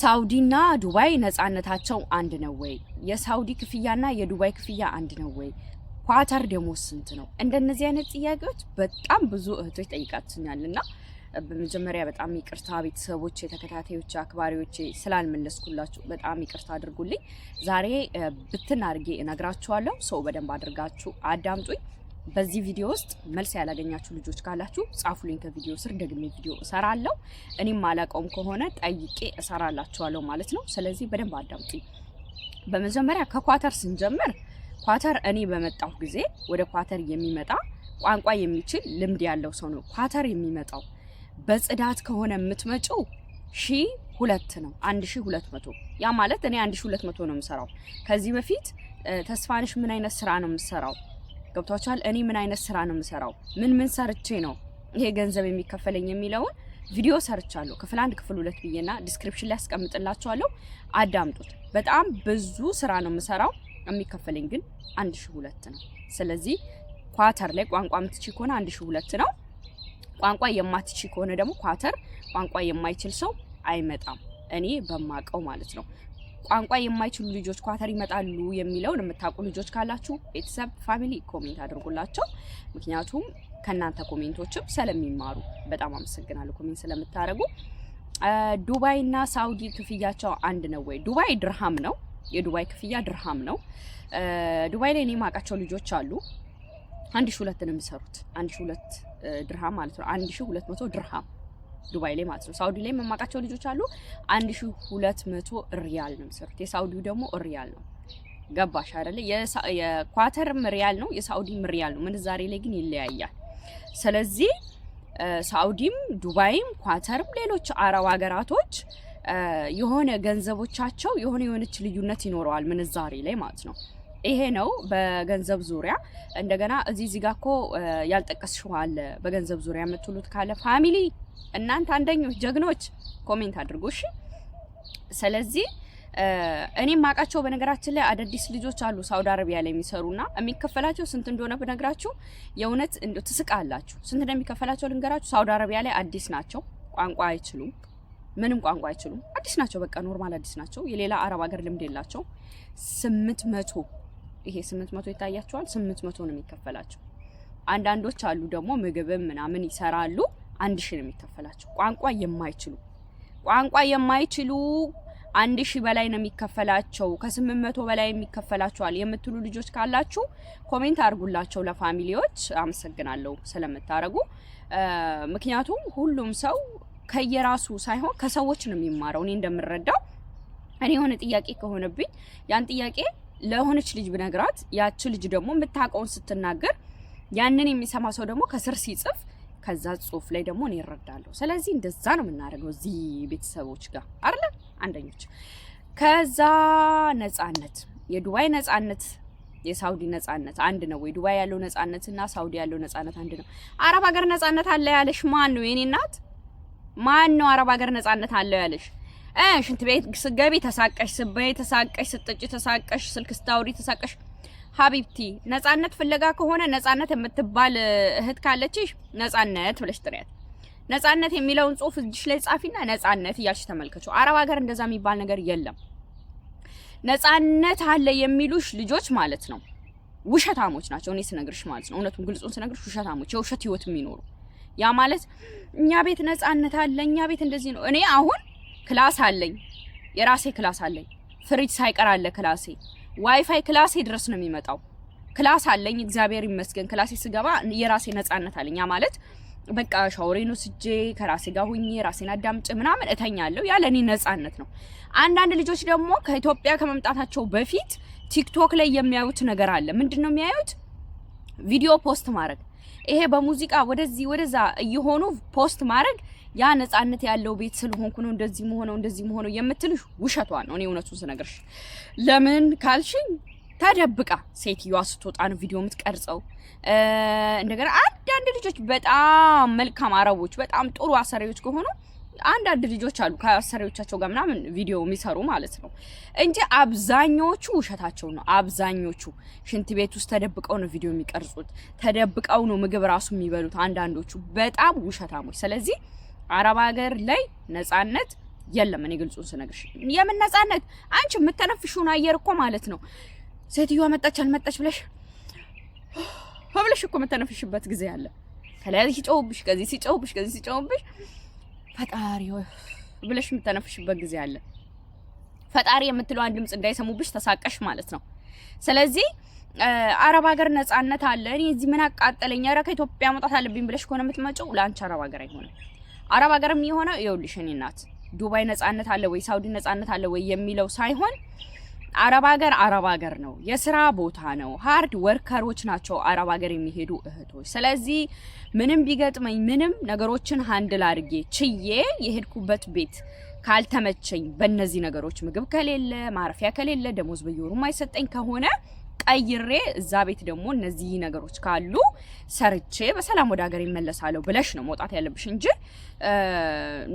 ሳውዲና ዱባይ ነፃነታቸው አንድ ነው ወይ? የሳውዲ ክፍያና የዱባይ ክፍያ አንድ ነው ወይ? ኳታር ደሞዝ ስንት ነው? እንደነዚህ አይነት ጥያቄዎች በጣም ብዙ እህቶች ጠይቃችኛል እና በመጀመሪያ በጣም ይቅርታ ቤተሰቦች፣ ተከታታዮች፣ አክባሪዎች ስላልመለስኩላችሁ በጣም ይቅርታ አድርጉልኝ። ዛሬ ብትን አድርጌ እነግራችኋለሁ። ሰው በደንብ አድርጋችሁ አዳምጡኝ። በዚህ ቪዲዮ ውስጥ መልስ ያላገኛችሁ ልጆች ካላችሁ ጻፉልኝ። ከቪዲዮ ስር ደግሜ ቪዲዮ እሰራለሁ። እኔም አላውቀውም ከሆነ ጠይቄ እሰራላችኋለሁ ማለት ነው። ስለዚህ በደንብ አዳምጡኝ። በመጀመሪያ ከኳተር ስንጀምር ኳተር እኔ በመጣሁ ጊዜ ወደ ኳተር የሚመጣ ቋንቋ የሚችል ልምድ ያለው ሰው ነው ኳተር የሚመጣው። በጽዳት ከሆነ የምትመጪው ሺ ሁለት ነው፣ አንድ ሺ ሁለት መቶ ያ ማለት እኔ አንድ ሺ ሁለት መቶ ነው የምሰራው። ከዚህ በፊት ተስፋንሽ ምን አይነት ስራ ነው የምሰራው ገብቷችኋል። እኔ ምን አይነት ስራ ነው የምሰራው፣ ምን ምን ሰርቼ ነው ይሄ ገንዘብ የሚከፈለኝ የሚለውን ቪዲዮ ሰርቻለሁ። ክፍል አንድ ክፍል ሁለት ብዬና ዲስክሪፕሽን ላይ አስቀምጥላችኋለሁ። አዳምጡት። በጣም ብዙ ስራ ነው የምሰራው። የሚከፈለኝ ግን አንድ ሺ ሁለት ነው። ስለዚህ ኳተር ላይ ቋንቋ የምትች ከሆነ አንድ ሺ ሁለት ነው። ቋንቋ የማትች ከሆነ ደግሞ ኳተር ቋንቋ የማይችል ሰው አይመጣም። እኔ በማቀው ማለት ነው። ቋንቋ የማይችሉ ልጆች ኳተር ይመጣሉ የሚለውን የምታውቁ ልጆች ካላችሁ ቤተሰብ፣ ፋሚሊ ኮሜንት አድርጉላቸው። ምክንያቱም ከእናንተ ኮሜንቶችም ስለሚማሩ በጣም አመሰግናለሁ ኮሜንት ስለምታደርጉ። ዱባይ እና ሳውዲ ክፍያቸው አንድ ነው ወይ? ዱባይ ድርሃም ነው። የዱባይ ክፍያ ድርሃም ነው። ዱባይ ላይ እኔ የማውቃቸው ልጆች አሉ አንድ ሺ ሁለት ነው የሚሰሩት። አንድ ሺ ሁለት ድርሃም ማለት ነው። አንድ ሺ ሁለት መቶ ድርሃም ዱባይ ላይ ማለት ነው። ሳውዲ ላይ የማውቃቸው ልጆች አሉ። 1200 ሪያል ነው የሚሰሩት። የሳውዲው ደግሞ ሪያል ነው። ገባሽ አይደለ? የኳተርም ሪያል ነው፣ የሳውዲም ሪያል ነው። ምንዛሬ ላይ ግን ይለያያል። ስለዚህ ሳውዲም፣ ዱባይም፣ ኳተርም ሌሎች አረብ ሀገራቶች የሆነ ገንዘቦቻቸው የሆነ የሆነች ልዩነት ይኖረዋል ምንዛሬ ላይ ማለት ነው። ይሄ ነው በገንዘብ ዙሪያ። እንደገና እዚህ እዚህ ጋር እኮ ያልጠቀስሽው አለ በገንዘብ ዙሪያ የምትሉት ካለ ፋሚሊ፣ እናንተ አንደኞች ጀግኖች ኮሜንት አድርጉ እሺ። ስለዚህ እኔም ማውቃቸው በነገራችን ላይ አዳዲስ ልጆች አሉ ሳውዲ አረቢያ ላይ የሚሰሩና የሚከፈላቸው ስንት እንደሆነ ብነግራችሁ የእውነት ትስቃላችሁ። ስንት እንደሚከፈላቸው ልንገራችሁ። ሳውዲ አረቢያ ላይ አዲስ ናቸው፣ ቋንቋ አይችሉም፣ ምንም ቋንቋ አይችሉም። አዲስ ናቸው፣ በቃ ኖርማል አዲስ ናቸው። የሌላ አረብ ሀገር ልምድ የላቸው ስምንት መቶ ይሄ ስምንት መቶ ይታያቸዋል። ስምንት መቶ ነው የሚከፈላቸው። አንዳንዶች አሉ ደግሞ ምግብም ምናምን ይሰራሉ፣ አንድ ሺ ነው የሚከፈላቸው። ቋንቋ የማይችሉ ቋንቋ የማይችሉ አንድ ሺ በላይ ነው የሚከፈላቸው። ከስምንት መቶ በላይ የሚከፈላቸዋል የምትሉ ልጆች ካላችሁ ኮሜንት አድርጉላቸው ለፋሚሊዎች። አመሰግናለሁ ስለምታደርጉ። ምክንያቱም ሁሉም ሰው ከየራሱ ሳይሆን ከሰዎች ነው የሚማረው። እኔ እንደምረዳው እኔ የሆነ ጥያቄ ከሆነብኝ ያን ጥያቄ ለሆነች ልጅ ብነግራት ያቺ ልጅ ደግሞ የምታውቀውን ስትናገር ያንን የሚሰማ ሰው ደግሞ ከስር ሲጽፍ ከዛ ጽሁፍ ላይ ደግሞ እኔ እረዳለሁ። ስለዚህ እንደዛ ነው የምናደርገው እዚህ ቤተሰቦች ጋር አይደለ አንደኞች። ከዛ ነጻነት፣ የዱባይ ነጻነት፣ የሳውዲ ነጻነት አንድ ነው ወይ? ዱባይ ያለው እና ሳውዲ ያለው ነጻነት አንድ ነው? አረብ ሀገር ነጻነት አለ ያለሽ ማን ነው? የኔ እናት ማን ነው አረብ ሀገር ነጻነት አለው ያለሽ? ሽንት ቤት ስገቢ ተሳቀሽ፣ ስበይ ተሳቀሽ፣ ስጠጪ ተሳቀሽ፣ ስልክ ስታውሪ ተሳቀሽ። ሀቢብቲ ነጻነት ፍለጋ ከሆነ ነጻነት የምትባል እህት ካለችሽ ነጻነት ብለሽ ጥሪያት። ነጻነት የሚለውን ጽሁፍ እጅሽ ላይ ጻፊና ነጻነት እያልሽ ተመልከቹ። አረብ ሀገር እንደዛ የሚባል ነገር የለም። ነጻነት አለ የሚሉሽ ልጆች ማለት ነው ውሸታሞች ናቸው። እኔ ስነግርሽ ማለት ነው እውነቱን ግልጹን ስነግርሽ ውሸታሞች፣ የውሸት ህይወት የሚኖሩ ያ ማለት እኛ ቤት ነጻነት አለ እኛ ቤት እንደዚህ ነው። እኔ አሁን ክላስ አለኝ፣ የራሴ ክላስ አለኝ። ፍሪጅ ሳይቀር አለ ክላሴ። ዋይፋይ ክላሴ ድረስ ነው የሚመጣው። ክላስ አለኝ፣ እግዚአብሔር ይመስገን። ክላሴ ስገባ የራሴ ነጻነት አለኝ። ያ ማለት በቃ ሻወሬን ወስጄ ከራሴ ጋር ሁኜ ራሴን አዳምጬ ምናምን እተኛለሁ። ያ ለእኔ ነጻነት ነው። አንዳንድ ልጆች ደግሞ ከኢትዮጵያ ከመምጣታቸው በፊት ቲክቶክ ላይ የሚያዩት ነገር አለ። ምንድን ነው የሚያዩት? ቪዲዮ ፖስት ማድረግ ይሄ በሙዚቃ ወደዚህ ወደዛ እየሆኑ ፖስት ማድረግ ያ ነፃነት ያለው ቤት ስለሆንኩ ነው እንደዚህ መሆነው እንደዚህ መሆነው የምትልሽ ውሸቷ ነው። እኔ እውነቱን ስነግርሽ ለምን ካልሽኝ ተደብቃ ሴትዮዋ ስትወጣ ነው ቪዲዮ የምትቀርጸው። እንደገና አንዳንድ ልጆች በጣም መልካም አረቦች፣ በጣም ጥሩ አሰሪዎች ከሆኑ አንዳንድ ልጆች አሉ ከአሰሪዎቻቸው ጋር ምናምን ቪዲዮ የሚሰሩ ማለት ነው እንጂ አብዛኛዎቹ ውሸታቸው ነው። አብዛኞቹ ሽንት ቤት ውስጥ ተደብቀው ነው ቪዲዮ የሚቀርጹት፣ ተደብቀው ነው ምግብ ራሱ የሚበሉት። አንዳንዶቹ በጣም ውሸታሞች። ስለዚህ አረብ ሀገር ላይ ነጻነት የለም። እኔ ግልጹን ስነግርሽ የምን ነጻነት? አንቺ የምተነፍሽውን አየር እኮ ማለት ነው ሴትዮዋ መጣች አልመጣች ብለሽ ብለሽ እኮ የምተነፍሽበት ጊዜ አለ። ከላይ ሲጨውብሽ፣ ከዚህ ሲጨውብሽ፣ ከዚህ ሲጨውብሽ ፈጣሪ ብለሽ የምተነፍሽበት ጊዜ አለ። ፈጣሪ የምትለዋን ድምፅ እንዳይሰሙብሽ ተሳቀሽ ማለት ነው። ስለዚህ አረብ ሀገር ነጻነት አለ። እኔ እዚህ ምን አቃጠለኝ፣ ኧረ ከኢትዮጵያ መውጣት አለብኝ ብለሽ ከሆነ የምትመጪው ለአንቺ አረብ ሀገር አይሆንም። አረብ ሀገርም የሆነው ይኸውልሽ፣ እኔ ዱባይ ነጻነት አለ ወይ ሳውዲ ነጻነት አለ ወይ የሚለው ሳይሆን አረብ ሀገር አረብ ሀገር ነው፣ የስራ ቦታ ነው። ሀርድ ወርከሮች ናቸው አረብ ሀገር የሚሄዱ እህቶች። ስለዚህ ምንም ቢገጥመኝ ምንም ነገሮችን ሀንድል አድርጌ ችዬ የሄድኩበት ቤት ካልተመቸኝ በእነዚህ ነገሮች ምግብ ከሌለ ማረፊያ ከሌለ ደሞዝ በየወሩ ማይሰጠኝ ከሆነ ቀይሬ እዛ ቤት ደግሞ እነዚህ ነገሮች ካሉ ሰርቼ በሰላም ወደ ሀገር ይመለሳለሁ ብለሽ ነው መውጣት ያለብሽ እንጂ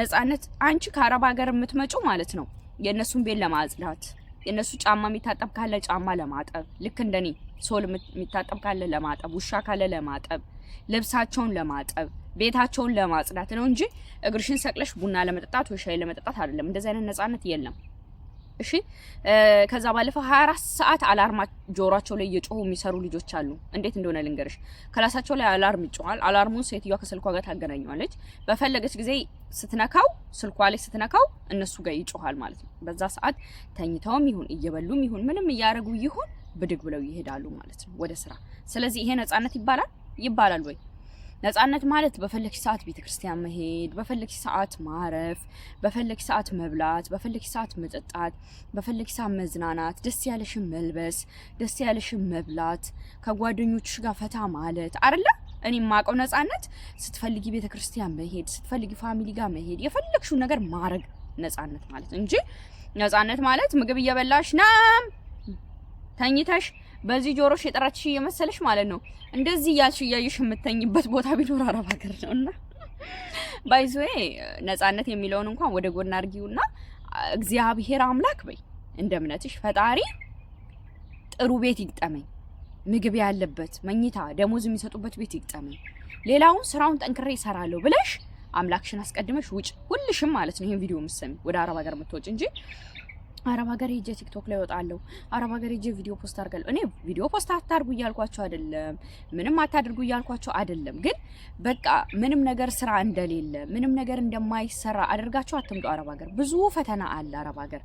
ነጻነት አንቺ ከአረብ ሀገር የምትመጩ ማለት ነው የእነሱን ቤት ለማጽዳት የእነሱ ጫማ የሚታጠብ ካለ ጫማ ለማጠብ ልክ እንደኔ ሶል የሚታጠብ ካለ ለማጠብ፣ ውሻ ካለ ለማጠብ፣ ልብሳቸውን ለማጠብ፣ ቤታቸውን ለማጽዳት ነው እንጂ እግርሽን ሰቅለሽ ቡና ለመጠጣት ወይ ሻይ ለመጠጣት አይደለም። እንደዚህ አይነት ነጻነት የለም። እሺ። ከዛ ባለፈው 24 ሰዓት አላርማ ጆሯቸው ላይ እየጮሁ የሚሰሩ ልጆች አሉ። እንዴት እንደሆነ ልንገርሽ። ክላሳቸው ላይ አላርም ይጮሃል። አላርሙን ሴትዮዋ ከስልኳ ጋር ታገናኘዋለች። በፈለገች ጊዜ ስትነካው፣ ስልኳ ላይ ስትነካው እነሱ ጋር ይጮሃል ማለት ነው። በዛ ሰዓት ተኝተውም ይሁን እየበሉም ይሁን ምንም እያደረጉ ይሁን ብድግ ብለው ይሄዳሉ ማለት ነው ወደ ስራ። ስለዚህ ይሄ ነፃነት ይባላል ይባላል ወይ? ነጻነት ማለት በፈለግሽ ሰዓት ቤተክርስቲያን መሄድ፣ በፈለግሽ ሰዓት ማረፍ፣ በፈለግሽ ሰዓት መብላት፣ በፈለግሽ ሰዓት መጠጣት፣ በፈለግሽ ሰዓት መዝናናት፣ ደስ ያለሽን መልበስ፣ ደስ ያለሽን መብላት፣ ከጓደኞችሽ ጋር ፈታ ማለት አይደለ? እኔ የማውቀው ነጻነት ስትፈልጊ ቤተክርስቲያን መሄድ፣ ስትፈልጊ ፋሚሊ ጋር መሄድ፣ የፈለግሽው ነገር ማድረግ ነጻነት ማለት እንጂ ነጻነት ማለት ምግብ እየበላሽ ናም ተኝተሽ በዚህ ጆሮሽ የጠራችሽ እየመሰለሽ ማለት ነው እንደዚህ እያልሽ እያየሽ የምተኝበት ቦታ ቢኖር አረብ ሀገር ነው እና ባይዞዌ ነጻነት የሚለውን እንኳን ወደ ጎን አድርጊውና እግዚአብሔር አምላክ በይ እንደ እምነትሽ ፈጣሪ ጥሩ ቤት ይግጠመኝ፣ ምግብ ያለበት መኝታ፣ ደሞዝ የሚሰጡበት ቤት ይግጠመኝ፣ ሌላውን ስራውን ጠንክሬ ይሰራለሁ ብለሽ አምላክሽን አስቀድመሽ ውጭ ሁልሽም ማለት ነው። ይሄን ቪዲዮ ምሰሚ ወደ አረብ ሀገር ምትወጪ እንጂ አረብ ሀገር ሄጄ ቲክቶክ ላይ ወጣለሁ፣ አረብ ሀገር ሄጄ ቪዲዮ ፖስት አድርጋለሁ። እኔ ቪዲዮ ፖስት አታርጉ እያልኳቸው አይደለም፣ ምንም አታድርጉ እያልኳቸው አይደለም። ግን በቃ ምንም ነገር ስራ እንደሌለ ምንም ነገር እንደማይሰራ አድርጋችሁ አትምጡ። አረብ ሀገር ብዙ ፈተና አለ። አረብ ሀገር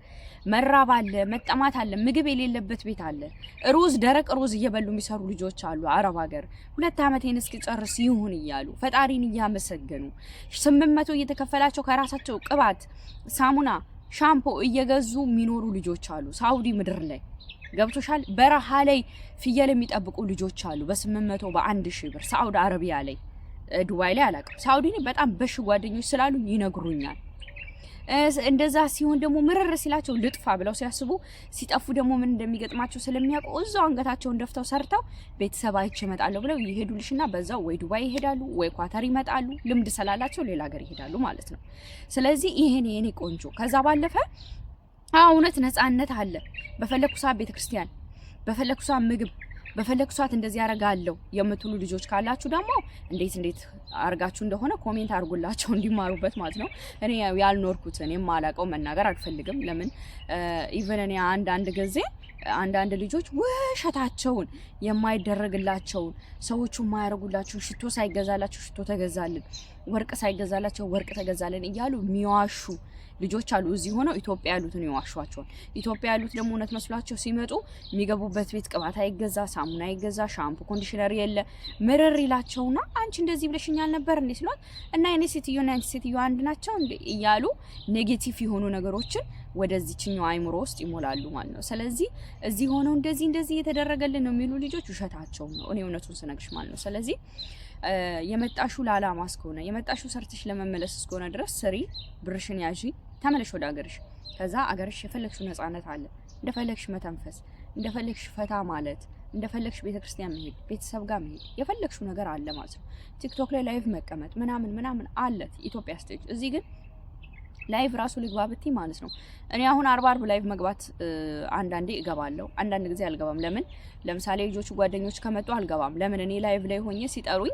መራብ አለ፣ መጠማት አለ፣ ምግብ የሌለበት ቤት አለ። ሩዝ፣ ደረቅ ሩዝ እየበሉ የሚሰሩ ልጆች አሉ። አረብ ሀገር ሁለት ዓመቴን እስኪጨርስ ይሁን እያሉ ፈጣሪን እያመሰገኑ ስምንት መቶ እየተከፈላቸው ከራሳቸው ቅባት ሳሙና ሻምፖ እየገዙ የሚኖሩ ልጆች አሉ ሳውዲ ምድር ላይ ገብቶሻል። በረሃ ላይ ፍየል የሚጠብቁ ልጆች አሉ በስምንት መቶ በአንድ ሺህ ብር ሳውዲ አረቢያ ላይ ዱባይ ላይ አላውቅም። ሳውዲ በጣም በሽ ጓደኞች ስላሉ ይነግሩኛል። እንደዛ ሲሆን ደግሞ ምርር ሲላቸው ልጥፋ ብለው ሲያስቡ ሲጠፉ ደግሞ ምን እንደሚገጥማቸው ስለሚያውቁ እዛው አንገታቸውን ደፍተው ሰርተው ቤተሰብ አይቼ እመጣለሁ ብለው ይሄዱልሽና በዛው ወይ ዱባይ ይሄዳሉ ወይ ኳተር ይመጣሉ። ልምድ ስላላቸው ሌላ ሀገር ይሄዳሉ ማለት ነው። ስለዚህ ይሄን የኔ ቆንጆ ከዛ ባለፈ እውነት ነፃነት አለ። በፈለኩ ሰዓት ቤተክርስቲያን፣ በፈለኩ ሰዓት ምግብ በፈለግ ሰዓት እንደዚህ አረጋለሁ የምትሉ ልጆች ካላችሁ ደግሞ እንዴት እንዴት አርጋችሁ እንደሆነ ኮሜንት አድርጉላቸው እንዲማሩበት ማለት ነው። እኔ ያልኖርኩትን የማላቀው መናገር አልፈልግም። ለምን ኢቨን እኔ አንዳንድ ጊዜ አንዳንድ ልጆች ውሸታቸውን የማይደረግላቸውን ሰዎቹ የማያደርጉላቸውን ሽቶ ሳይገዛላቸው ሽቶ ተገዛልን ወርቅ ሳይገዛላቸው ወርቅ ተገዛለን እያሉ የሚዋሹ ልጆች አሉ። እዚህ ሆነው ኢትዮጵያ ያሉትን የዋሿቸውን ኢትዮጵያ ያሉት ደግሞ እውነት መስሏቸው ሲመጡ የሚገቡበት ቤት ቅባት አይገዛ፣ ሳሙና አይገዛ፣ ሻምፖ ኮንዲሽነር የለ ምርር ይላቸውና አንቺ እንደዚህ ብለሽኛል ነበር እንዴ ሲሏት እና የኔ ሴትዮ ና አንቺ ሴትዮ አንድ ናቸው እያሉ ኔጌቲቭ የሆኑ ነገሮችን ወደዚችኛው አይምሮ ውስጥ ይሞላሉ ማለት ነው። ስለዚህ እዚህ ሆነው እንደዚህ እንደዚህ እየተደረገልን ነው የሚሉ ልጆች ውሸታቸው ነው። እኔ እውነቱን ስነግርሽ ማለት ነው። ስለዚህ የመጣሹ ለዓላማ እስከሆነ የመጣሹ ሰርተሽ ለመመለስ እስከሆነ ድረስ ስሪ፣ ብርሽን ያዢ፣ ተመለሽ ወደ አገርሽ። ከዛ አገርሽ የፈለግሽው ነፃነት አለ። እንደፈለግሽ መተንፈስ፣ እንደፈለግሽ ፈታ ማለት፣ እንደፈለግሽ ቤተክርስቲያን መሄድ፣ ቤተሰብ ጋር መሄድ፣ የፈለግሽው ነገር አለ ማለት ነው። ቲክቶክ ላይ ላይቭ መቀመጥ ምናምን ምናምን አለ ኢትዮጵያ ስቴጅ። እዚህ ግን ላይቭ ራሱ ልግባ ማለት ነው። እኔ አሁን አርባ አርብ ላይቭ መግባት አንዳንዴ እገባለሁ፣ አንዳንድ ጊዜ አልገባም። ለምን ለምሳሌ ልጆቹ ጓደኞች ከመጡ አልገባም። ለምን እኔ ላይቭ ላይ ሆኜ ሲጠሩኝ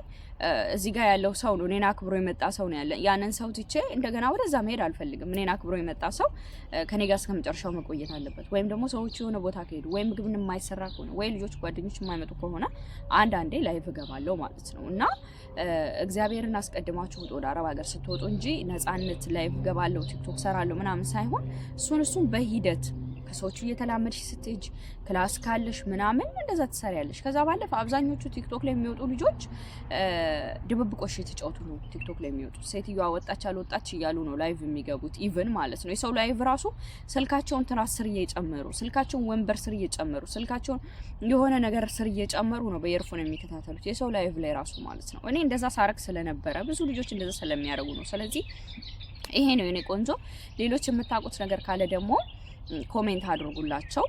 እዚህ ጋር ያለው ሰው ነው እኔን አክብሮ የመጣ ሰው ነው ያለ። ያንን ሰው ትቼ እንደገና ወደዛ መሄድ አልፈልግም። እኔን አክብሮ የመጣ ሰው ከኔ ጋር እስከመጨረሻው መቆየት አለበት። ወይም ደግሞ ሰዎች የሆነ ቦታ ከሄዱ ወይም ምግብን የማይሰራ ከሆነ ወይ ልጆች ጓደኞች የማይመጡ ከሆነ አንዳንዴ ላይቭ እገባለሁ ማለት ነው እና እግዚአብሔርን አስቀድማችሁ ወደ አረብ ሀገር ስትወጡ እንጂ ነፃነት ላይቭ እገባለሁ እሰራለሁ ቲክቶክ ሰራለው ምናምን ሳይሆን እሱን እሱን በሂደት ከሰዎቹ እየተላመድሽ ስትሄጅ ክላስ ካለሽ ምናምን እንደዛ ትሰሪያለሽ። ከዛ ባለፈ አብዛኞቹ ቲክቶክ ላይ የሚወጡ ልጆች ድብብቆሽ የተጫወቱ ነው። ቲክቶክ ላይ የሚወጡ ሴትዮዋ ወጣች አልወጣች እያሉ ነው ላይቭ የሚገቡት። ኢቨን ማለት ነው የሰው ላይቭ ራሱ ስልካቸውን ትራስ ስር እየጨመሩ ስልካቸውን ወንበር ስር እየጨመሩ ስልካቸውን የሆነ ነገር ስር እየጨመሩ ነው በየርፎን የሚከታተሉት የሰው ላይቭ ላይ ራሱ ማለት ነው። እኔ እንደዛ ሳረግ ስለነበረ ብዙ ልጆች እንደዛ ስለሚያደርጉ ነው ስለዚህ ይሄ ነው የኔ ቆንጆ። ሌሎች የምታውቁት ነገር ካለ ደግሞ ኮሜንት አድርጉላቸው።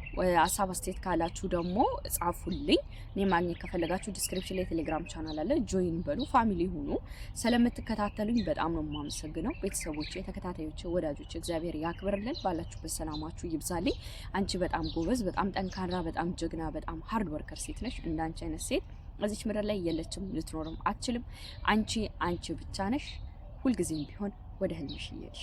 ሀሳብ አስተያየት ካላችሁ ደግሞ ጻፉልኝ። እኔ ማግኘት ከፈለጋችሁ ዲስክሪፕሽን ላይ ቴሌግራም ቻናል አለ፣ ጆይን በሉ፣ ፋሚሊ ሁኑ። ስለምትከታተሉኝ በጣም ነው የማመሰግነው። ቤተሰቦች፣ ተከታታዮች፣ ወዳጆች እግዚአብሔር ያክብርልን። ባላችሁበት ሰላማችሁ ይብዛልኝ። አንቺ በጣም ጎበዝ፣ በጣም ጠንካራ፣ በጣም ጀግና፣ በጣም ሀርድ ወርከር ሴት ነሽ። እንዳንቺ አይነት ሴት እዚች ምድር ላይ የለችም፣ ልትኖርም አትችልም። አንቺ አንቺ ብቻ ነሽ። ሁልጊዜም ቢሆን ወደ ህልምሽ እየሄድሽ